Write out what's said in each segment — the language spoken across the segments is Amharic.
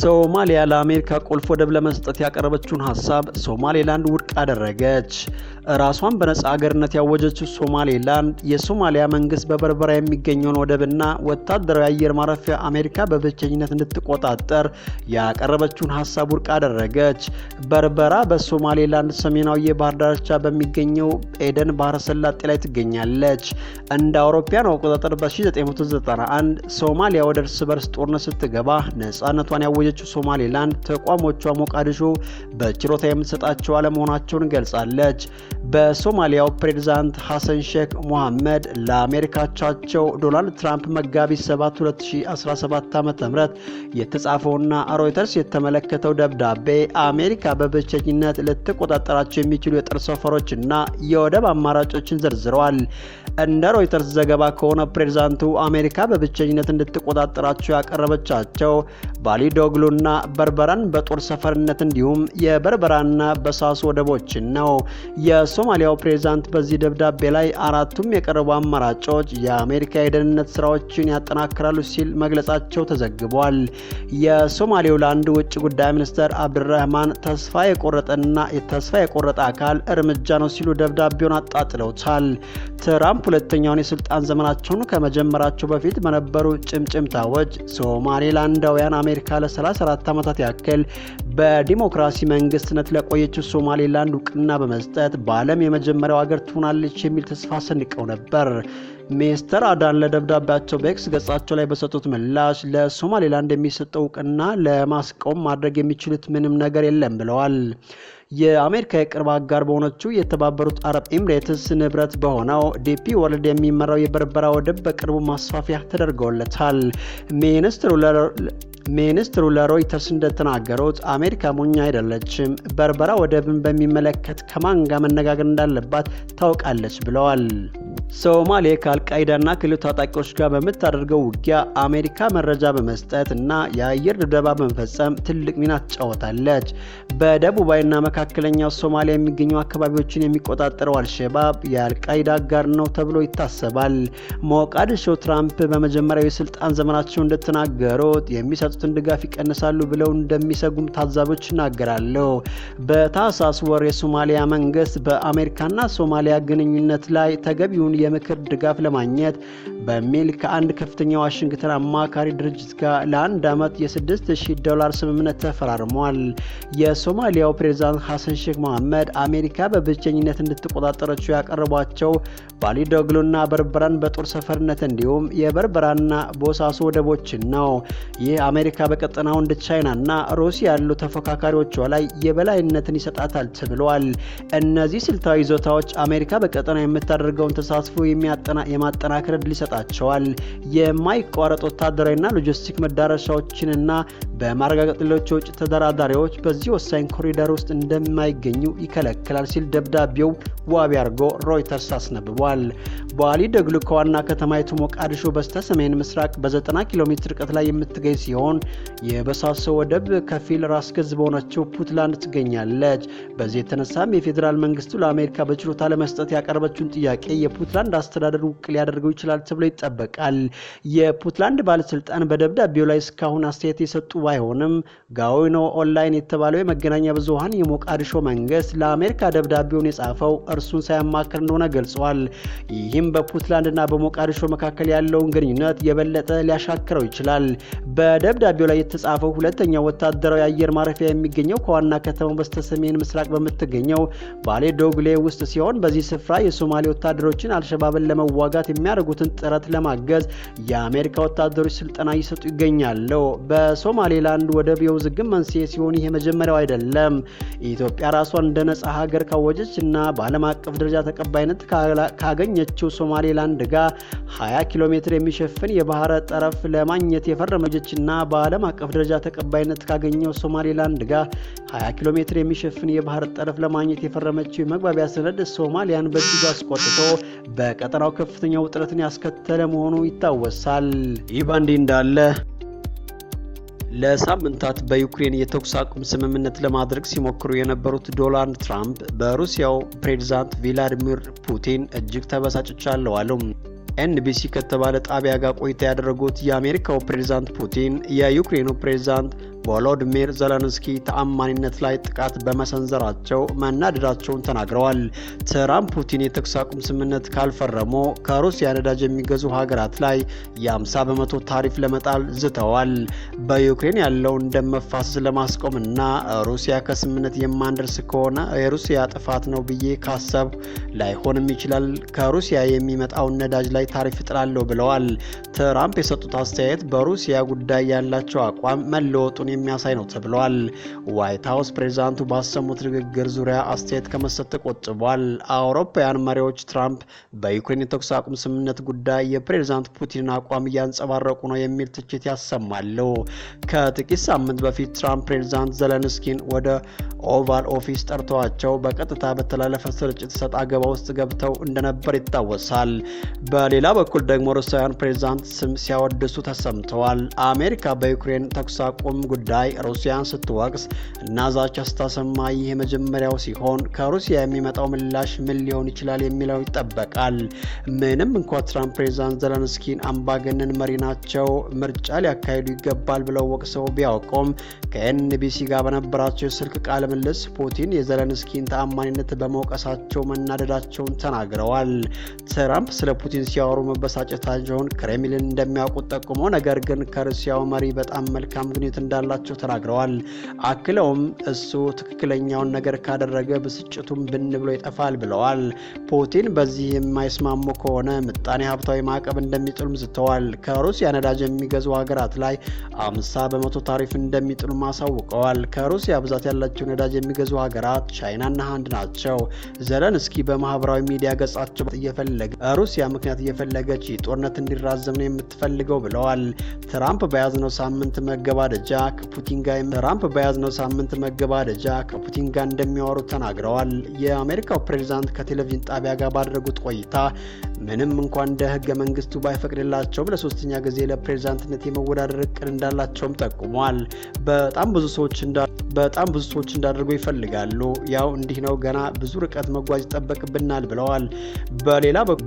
ሶማሊያ ለአሜሪካ ቁልፍ ወደብ ለመስጠት ያቀረበችውን ሀሳብ ሶማሌላንድ ውድቅ አደረገች። ራሷን በነፃ አገርነት ያወጀችው ሶማሌላንድ የሶማሊያ መንግስት በበርበራ የሚገኘውን ወደብና ወታደራዊ አየር ማረፊያ አሜሪካ በብቸኝነት እንድትቆጣጠር ያቀረበችውን ሀሳብ ውድቅ አደረገች። በርበራ በሶማሌላንድ ሰሜናዊ የባህር ዳርቻ በሚገኘው ኤደን ባህረ ሰላጤ ላይ ትገኛለች። እንደ አውሮፓያን አቆጣጠር በ1991 ሶማሊያ ወደ እርስ በርስ ጦርነት ስትገባ ነፃነቷን ያወጀችው ሶማሌላንድ ተቋሞቿ ሞቃዲሾ በችሮታ የምትሰጣቸው አለመሆናቸውን ገልጻለች። በሶማሊያው ፕሬዚዳንት ሐሰን ሼክ ሞሐመድ ለአሜሪካቻቸው ዶናልድ ትራምፕ መጋቢት 7 2017 ዓ ም የተጻፈውና ሮይተርስ የተመለከተው ደብዳቤ አሜሪካ በብቸኝነት ልትቆጣጠራቸው የሚችሉ የጦር ሰፈሮችና የወደብ አማራጮችን ዘርዝረዋል። እንደ ሮይተርስ ዘገባ ከሆነ ፕሬዚዳንቱ አሜሪካ በብቸኝነት እንድትቆጣጠራቸው ያቀረበቻቸው ባሊዶግሉና በርበራን በጦር ሰፈርነት እንዲሁም የበርበራና በሳስ ወደቦችን ነው። የሶማሊያው ፕሬዚዳንት በዚህ ደብዳቤ ላይ አራቱም የቀረቡ አማራጮች የአሜሪካ የደህንነት ስራዎችን ያጠናክራሉ ሲል መግለጻቸው ተዘግቧል። የሶማሌላንድ ውጭ ጉዳይ ሚኒስትር አብድራህማን ተስፋ የቆረጠና ተስፋ የቆረጠ አካል እርምጃ ነው ሲሉ ደብዳቤውን አጣጥለውታል። ትራምፕ ትራምፕ ሁለተኛውን የስልጣን ዘመናቸውን ከመጀመራቸው በፊት በነበሩ ጭምጭምታዎች ሶማሌላንዳውያን አሜሪካ ለ34 ዓመታት ያክል በዲሞክራሲ መንግስትነት ለቆየችው ሶማሌላንድ እውቅና በመስጠት በዓለም የመጀመሪያው ሀገር ትሆናለች የሚል ተስፋ ሰንቀው ነበር። ሚስተር አዳን ለደብዳቤያቸው በኤክስ ገጻቸው ላይ በሰጡት ምላሽ ለሶማሌላንድ የሚሰጠው እውቅና ለማስቆም ማድረግ የሚችሉት ምንም ነገር የለም ብለዋል። የአሜሪካ የቅርብ አጋር በሆነችው የተባበሩት አረብ ኤምሬትስ ንብረት በሆነው ዲፒ ወርልድ የሚመራው የበርበራ ወደብ በቅርቡ ማስፋፊያ ተደርገውለታል። ሚኒስትሩ ሚኒስትሩ ለሮይተርስ እንደተናገሩት አሜሪካ ሞኝ አይደለችም፣ በርበራ ወደብን በሚመለከት ከማን ጋር መነጋገር እንዳለባት ታውቃለች ብለዋል። ሶማሌ ከአልቃይዳና ከሌሎች ታጣቂዎች ጋር በምታደርገው ውጊያ አሜሪካ መረጃ በመስጠት እና የአየር ድብደባ በመፈጸም ትልቅ ሚና ትጫወታለች። በደቡባዊና መካ መካከለኛው ሶማሊያ የሚገኙ አካባቢዎችን የሚቆጣጠረው አልሸባብ የአልቃይዳ አጋር ነው ተብሎ ይታሰባል። ሞቃዲሾ ትራምፕ በመጀመሪያው የስልጣን ዘመናቸው እንደተናገሩት የሚሰጡትን ድጋፍ ይቀንሳሉ ብለው እንደሚሰጉም ታዛቢዎች ይናገራሉ። በታህሳስ ወር የሶማሊያ መንግስት በአሜሪካና ሶማሊያ ግንኙነት ላይ ተገቢውን የምክር ድጋፍ ለማግኘት በሚል ከአንድ ከፍተኛ ዋሽንግተን አማካሪ ድርጅት ጋር ለአንድ ዓመት የ6000 ዶላር ስምምነት ተፈራርሟል። የሶማሊያው ፕሬዚዳንት ሐሰን ሼክ መሐመድ አሜሪካ በብቸኝነት እንድትቆጣጠረችው ያቀረቧቸው ባሊዶግሉና በርበራን በጦር ሰፈርነት እንዲሁም የበርበራና ቦሳሶ ወደቦችን ነው። ይህ አሜሪካ በቀጠናው እንደ ቻይናና ሩሲያ ያሉ ተፎካካሪዎቿ ላይ የበላይነትን ይሰጣታል ተብሏል። እነዚህ ስልታዊ ይዞታዎች አሜሪካ በቀጠና የምታደርገውን ተሳትፎ የማጠናከር እድል ይሰጣቸዋል። የማይቋረጥ ወታደራዊና ሎጂስቲክ መዳረሻዎችንና በማረጋገጥ ሌሎች የውጭ ተደራዳሪዎች በዚህ ወሳኝ ኮሪደር ውስጥ እንደ እንደማይገኙ ይከለክላል ሲል ደብዳቤው ዋቢ አድርጎ ሮይተርስ አስነብቧል። በዋሊ ደግሉ ከዋና ከተማይቱ ሞቃዲሾ በስተ ሰሜን ምስራቅ በ90 ኪሎ ሜትር ርቀት ላይ የምትገኝ ሲሆን የበሳሶ ወደብ ከፊል ራስ ገዝ በሆነችው ፑትላንድ ትገኛለች። በዚህ የተነሳም የፌዴራል መንግስቱ ለአሜሪካ በችሎታ ለመስጠት ያቀረበችውን ጥያቄ የፑትላንድ አስተዳደር ውቅ ሊያደርገው ይችላል ተብሎ ይጠበቃል። የፑትላንድ ባለስልጣን በደብዳቤው ላይ እስካሁን አስተያየት የሰጡ ባይሆንም ጋዊኖ ኦንላይን የተባለው የመገናኛ ብዙሀን የሞቃ አድሾ መንግስት ለአሜሪካ ደብዳቤውን የጻፈው እርሱን ሳያማክር እንደሆነ ገልጸዋል። ይህም በፑንትላንድና በሞቃዲሾ መካከል ያለውን ግንኙነት የበለጠ ሊያሻክረው ይችላል። በደብዳቤው ላይ የተጻፈው ሁለተኛው ወታደራዊ አየር ማረፊያ የሚገኘው ከዋና ከተማው በስተሰሜን ምስራቅ በምትገኘው ባሌ ዶግሌ ውስጥ ሲሆን በዚህ ስፍራ የሶማሌ ወታደሮችን አልሸባብን ለመዋጋት የሚያደርጉትን ጥረት ለማገዝ የአሜሪካ ወታደሮች ስልጠና እየሰጡ ይገኛሉ። በሶማሌላንድ ወደብ የውዝግብ መንስኤ ሲሆን ይህ መጀመሪያው አይደለም። ኢትዮጵያ ራሷን እንደ ነጻ ሀገር ካወጀች እና በዓለም አቀፍ ደረጃ ተቀባይነት ካገኘችው ሶማሌላንድ ጋር 20 ኪሎ ሜትር የሚሸፍን የባህረ ጠረፍ ለማግኘት የፈረመጀች እና በዓለም አቀፍ ደረጃ ተቀባይነት ካገኘው ሶማሌላንድ ጋር 20 ኪሎ ሜትር የሚሸፍን የባህር ጠረፍ ለማግኘት የፈረመችው የመግባቢያ ሰነድ ሶማሊያን በእጅጉ አስቆጥቶ በቀጠናው ከፍተኛ ውጥረትን ያስከተለ መሆኑ ይታወሳል። ይህ ባንዲት እንዳለ ለሳምንታት በዩክሬን የተኩስ አቁም ስምምነት ለማድረግ ሲሞክሩ የነበሩት ዶናልድ ትራምፕ በሩሲያው ፕሬዚዳንት ቪላዲሚር ፑቲን እጅግ ተበሳጭቻለሁ አሉ። ኤንቢሲ ከተባለ ጣቢያ ጋር ቆይታ ያደረጉት የአሜሪካው ፕሬዚዳንት ፑቲን የዩክሬኑ ፕሬዚዳንት ቮሎዲሚር ዘለንስኪ ተአማኒነት ላይ ጥቃት በመሰንዘራቸው መናደዳቸውን ተናግረዋል። ትራምፕ ፑቲን የተኩስ አቁም ስምምነት ካልፈረሙ ከሩሲያ ነዳጅ የሚገዙ ሀገራት ላይ የ50 በመቶ ታሪፍ ለመጣል ዝተዋል። በዩክሬን ያለውን ደም መፋሰስ ለማስቆምና ሩሲያ ከስምምነት የማንደርስ ከሆነ የሩሲያ ጥፋት ነው ብዬ ካሰብ ላይሆንም ይችላል ከሩሲያ የሚመጣውን ነዳጅ ላይ ታሪፍ እጥላለሁ ብለዋል። ትራምፕ የሰጡት አስተያየት በሩሲያ ጉዳይ ያላቸው አቋም መለወጡን መሆኑን የሚያሳይ ነው ተብሏል። ዋይት ሀውስ ፕሬዚዳንቱ ባሰሙት ንግግር ዙሪያ አስተያየት ከመስጠት ተቆጥቧል። አውሮፓውያን መሪዎች ትራምፕ በዩክሬን የተኩስ አቁም ስምምነት ጉዳይ የፕሬዚዳንት ፑቲንን አቋም እያንጸባረቁ ነው የሚል ትችት ያሰማሉ። ከጥቂት ሳምንት በፊት ትራምፕ ፕሬዚዳንት ዘለንስኪን ወደ ኦቫል ኦፊስ ጠርተዋቸው በቀጥታ በተላለፈ ስርጭት ሰጥ አገባ ውስጥ ገብተው እንደነበር ይታወሳል። በሌላ በኩል ደግሞ ሩሳውያን ፕሬዚዳንት ስም ሲያወድሱ ተሰምተዋል። አሜሪካ በዩክሬን ተኩስ አቁም ጉዳይ ሩሲያን ስትወቅስ እና ዛቻ ስታሰማ ይህ የመጀመሪያው ሲሆን ከሩሲያ የሚመጣው ምላሽ ምን ሊሆን ይችላል የሚለው ይጠበቃል። ምንም እንኳ ትራምፕ ፕሬዚዳንት ዘለንስኪን አምባገነን መሪ ናቸው፣ ምርጫ ሊያካሂዱ ይገባል ብለው ወቅሰው ቢያውቁም ከኤንቢሲ ጋር በነበራቸው የስልክ ቃለ ምልልስ ፑቲን የዘለንስኪን ተአማኒነት በመውቀሳቸው መናደዳቸውን ተናግረዋል። ትራምፕ ስለ ፑቲን ሲያወሩ መበሳጨታቸውን ክሬምሊን እንደሚያውቁት ጠቁሞ ነገር ግን ከሩሲያው መሪ በጣም መልካም ግንኙነት እንዳለ እንዳላቸው ተናግረዋል። አክለውም እሱ ትክክለኛውን ነገር ካደረገ ብስጭቱም ብን ብሎ ይጠፋል ብለዋል። ፑቲን በዚህ የማይስማሙ ከሆነ ምጣኔ ሀብታዊ ማዕቀብ እንደሚጥሉም ዝተዋል። ከሩሲያ ነዳጅ የሚገዙ ሀገራት ላይ አምሳ በመቶ ታሪፍ እንደሚጥሉ አሳውቀዋል። ከሩሲያ ብዛት ያላቸው ነዳጅ የሚገዙ ሀገራት ቻይናና ሀንድ ናቸው። ዘለንስኪ በማህበራዊ ሚዲያ ገጻቸው እየፈለገ ሩሲያ ምክንያት እየፈለገች ጦርነት እንዲራዘም ነው የምትፈልገው ብለዋል። ትራምፕ በያዝነው ሳምንት መገባደጃ ፑቲን ጋር ትራምፕ በያዝነው ሳምንት መገባደጃ ከፑቲን ጋር እንደሚያወሩ ተናግረዋል። የአሜሪካው ፕሬዚዳንት ከቴሌቪዥን ጣቢያ ጋር ባደረጉት ቆይታ ምንም እንኳን እንደ ህገ መንግስቱ ባይፈቅድላቸውም ለሶስተኛ ጊዜ ለፕሬዚዳንትነት የመወዳደር እቅድ እንዳላቸውም ጠቁሟል። በጣም ብዙ ሰዎች በጣም ብዙ ሰዎች ይፈልጋሉ። ያው እንዲህ ነው፣ ገና ብዙ ርቀት መጓዝ ይጠበቅብናል ብለዋል።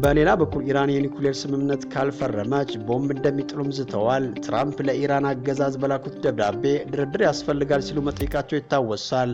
በሌላ በኩል ኢራን የኒኩሌር ስምምነት ካልፈረመች ቦምብ እንደሚጥሉም ዝተዋል። ትራምፕ ለኢራን አገዛዝ በላኩት ደብዳቤ ደብዳቤ ድርድር ያስፈልጋል ሲሉ መጠየቃቸው ይታወሳል።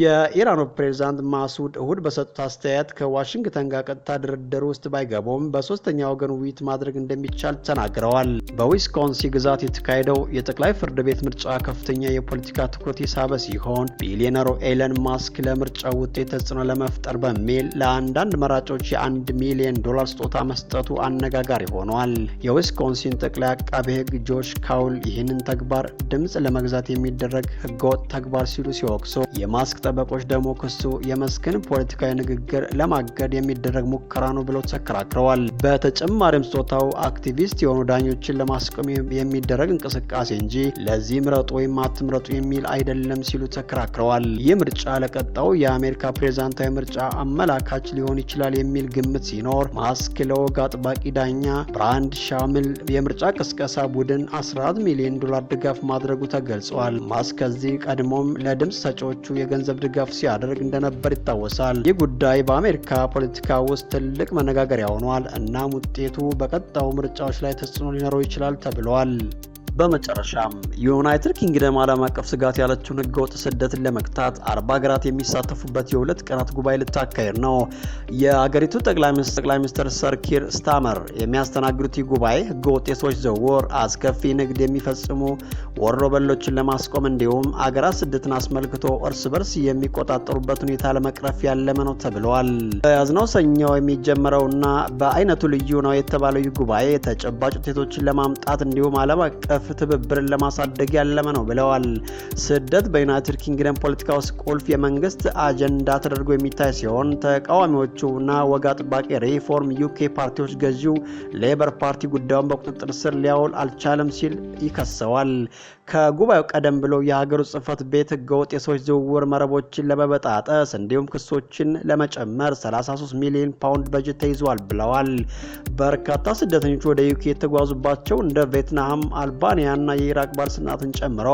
የኢራኑ ፕሬዚዳንት ማሱድ እሁድ በሰጡት አስተያየት ከዋሽንግተን ጋር ቀጥታ ድርድር ውስጥ ባይገቡም በሶስተኛ ወገን ውይይት ማድረግ እንደሚቻል ተናግረዋል። በዊስኮንሲ ግዛት የተካሄደው የጠቅላይ ፍርድ ቤት ምርጫ ከፍተኛ የፖለቲካ ትኩረት የሳበ ሲሆን ቢሊዮነሩ ኤለን ማስክ ለምርጫ ውጤት ተጽዕኖ ለመፍጠር በሚል ለአንዳንድ መራጮች የአንድ ሚሊዮን ዶላር ስጦታ መስጠቱ አነጋጋሪ ሆኗል። የዊስኮንሲን ጠቅላይ አቃቤ ሕግ ጆርጅ ካውል ይህንን ተግባር ድምፅ ለመ ለመግዛት የሚደረግ ህገወጥ ተግባር ሲሉ ሲወቅሱ፣ የማስክ ጠበቆች ደግሞ ክሱ የመስክን ፖለቲካዊ ንግግር ለማገድ የሚደረግ ሙከራ ነው ብለው ተከራክረዋል። በተጨማሪም ስጦታው አክቲቪስት የሆኑ ዳኞችን ለማስቆም የሚደረግ እንቅስቃሴ እንጂ ለዚህ ምረጡ ወይም አትምረጡ የሚል አይደለም ሲሉ ተከራክረዋል። ይህ ምርጫ ለቀጣው የአሜሪካ ፕሬዚዳንታዊ ምርጫ አመላካች ሊሆን ይችላል የሚል ግምት ሲኖር ማስክ ለወግ አጥባቂ ዳኛ ብራንድ ሻምል የምርጫ ቅስቀሳ ቡድን 14 ሚሊዮን ዶላር ድጋፍ ማድረጉ ተገ ገልጸዋል። ማስክ ከዚህ ቀድሞም ለድምፅ ሰጪዎቹ የገንዘብ ድጋፍ ሲያደርግ እንደነበር ይታወሳል። ይህ ጉዳይ በአሜሪካ ፖለቲካ ውስጥ ትልቅ መነጋገሪያ ሆኗል። እናም ውጤቱ በቀጣው ምርጫዎች ላይ ተጽዕኖ ሊኖረው ይችላል ተብሏል። በመጨረሻም ዩናይትድ ኪንግደም ዓለም አቀፍ ስጋት ያለችውን ህገወጥ ስደትን ለመግታት አርባ ሀገራት የሚሳተፉበት የሁለት ቀናት ጉባኤ ልታካሄድ ነው። የአገሪቱ ጠቅላይ ሚኒስትር ጠቅላይ ሚኒስትር ሰር ኪር ስታመር የሚያስተናግዱት ይህ ጉባኤ ህገወጥ የሰዎች ዝውውር፣ አስከፊ ንግድ የሚፈጽሙ ወሮበሎችን ለማስቆም እንዲሁም አገራት ስደትን አስመልክቶ እርስ በርስ የሚቆጣጠሩበት ሁኔታ ለመቅረፍ ያለመ ነው ተብለዋል። በያዝነው ሰኞ የሚጀመረውና በአይነቱ ልዩ ነው የተባለው ይህ ጉባኤ ተጨባጭ ውጤቶችን ለማምጣት እንዲሁም ዓለም አቀፍ ዘርፍ ትብብርን ለማሳደግ ያለመ ነው ብለዋል። ስደት በዩናይትድ ኪንግደም ፖለቲካ ውስጥ ቁልፍ የመንግስት አጀንዳ ተደርጎ የሚታይ ሲሆን ተቃዋሚዎቹና ወግ አጥባቂ ሪፎርም ዩኬ ፓርቲዎች ገዢው ሌበር ፓርቲ ጉዳዩን በቁጥጥር ስር ሊያውል አልቻለም ሲል ይከሰዋል። ከጉባኤው ቀደም ብሎ የሀገር ጽህፈት ቤት ህገወጥ የሰዎች ዝውውር መረቦችን ለመበጣጠስ እንዲሁም ክሶችን ለመጨመር 33 ሚሊዮን ፓውንድ በጀት ተይዟል ብለዋል። በርካታ ስደተኞች ወደ ዩኬ የተጓዙባቸው እንደ ቬትናም፣ አልባ የብሪታንያና የኢራቅ ባለስልጣናትን ጨምሮ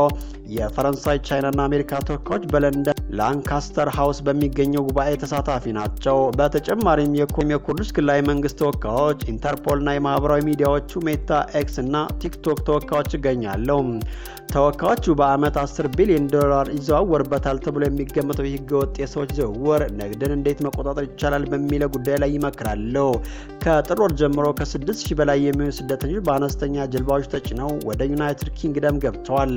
የፈረንሳይ ቻይናና አሜሪካ ተወካዮች በለንደን ላንካስተር ሃውስ በሚገኘው ጉባኤ ተሳታፊ ናቸው። በተጨማሪም የኩርዱስ ክልላዊ መንግስት ተወካዮች፣ ኢንተርፖልና የማህበራዊ ሚዲያዎቹ ሜታ፣ ኤክስ እና ቲክቶክ ተወካዮች ይገኛሉ። ተወካዮቹ በአመት 10 ቢሊዮን ዶላር ይዘዋወርበታል ተብሎ የሚገመተው ህገወጥ የሰዎች ዝውውር ንግድን እንዴት መቆጣጠር ይቻላል በሚለው ጉዳይ ላይ ይመክራሉ። ከጥር ወር ጀምሮ ከ6000 በላይ የሚሆኑ ስደተኞች በአነስተኛ ጀልባዎች ተጭነው ወደ ዩናይትድ ኪንግደም ገብተዋል።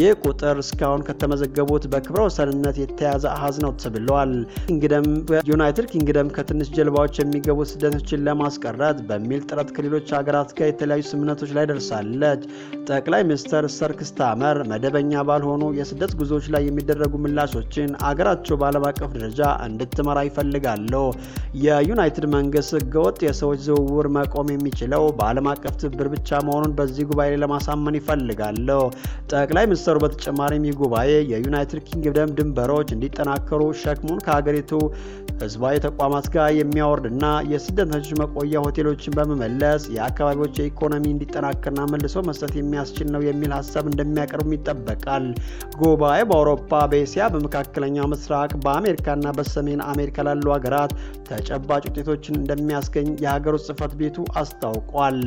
ይህ ቁጥር እስካሁን ከተመዘገቡት በክብረ ወሰንነት የተያዘ አሀዝ ነው ተብለዋል። ኪንግደም ዩናይትድ ኪንግደም ከትንሽ ጀልባዎች የሚገቡ ስደተኞችን ለማስቀረት በሚል ጥረት ከሌሎች ሀገራት ጋር የተለያዩ ስምምነቶች ላይ ደርሳለች። ጠቅላይ ሚኒስትር ሰርክስታመር መደበኛ ባልሆኑ የስደት ጉዞዎች ላይ የሚደረጉ ምላሾችን አገራቸው በዓለም አቀፍ ደረጃ እንድትመራ ይፈልጋለሁ የዩናይትድ መንግስት ህገወጥ የሰዎች ዝውውር መቆም የሚችለው በዓለም አቀፍ ትብብር ብቻ መሆኑን በዚህ ጉባኤ ላይ ለማሳመን ይፈልጋሉ። ጠቅላይ ሚኒስትሩ በተጨማሪም ይህ ጉባኤ የዩናይትድ ኪንግደም ድንበሮች ሁኔታዎች እንዲጠናከሩ ሸክሙን ከሀገሪቱ ህዝባዊ ተቋማት ጋር የሚያወርድና የስደተኞች መቆያ ሆቴሎችን በመመለስ የአካባቢዎች የኢኮኖሚ እንዲጠናከርና መልሶ መስጠት የሚያስችል ነው የሚል ሀሳብ እንደሚያቀርቡም ይጠበቃል። ጉባኤ በአውሮፓ፣ በእስያ፣ በመካከለኛው ምስራቅ፣ በአሜሪካና በሰሜን አሜሪካ ላሉ ሀገራት ተጨባጭ ውጤቶችን እንደሚያስገኝ የሀገር ውስጥ ጽህፈት ቤቱ አስታውቋል።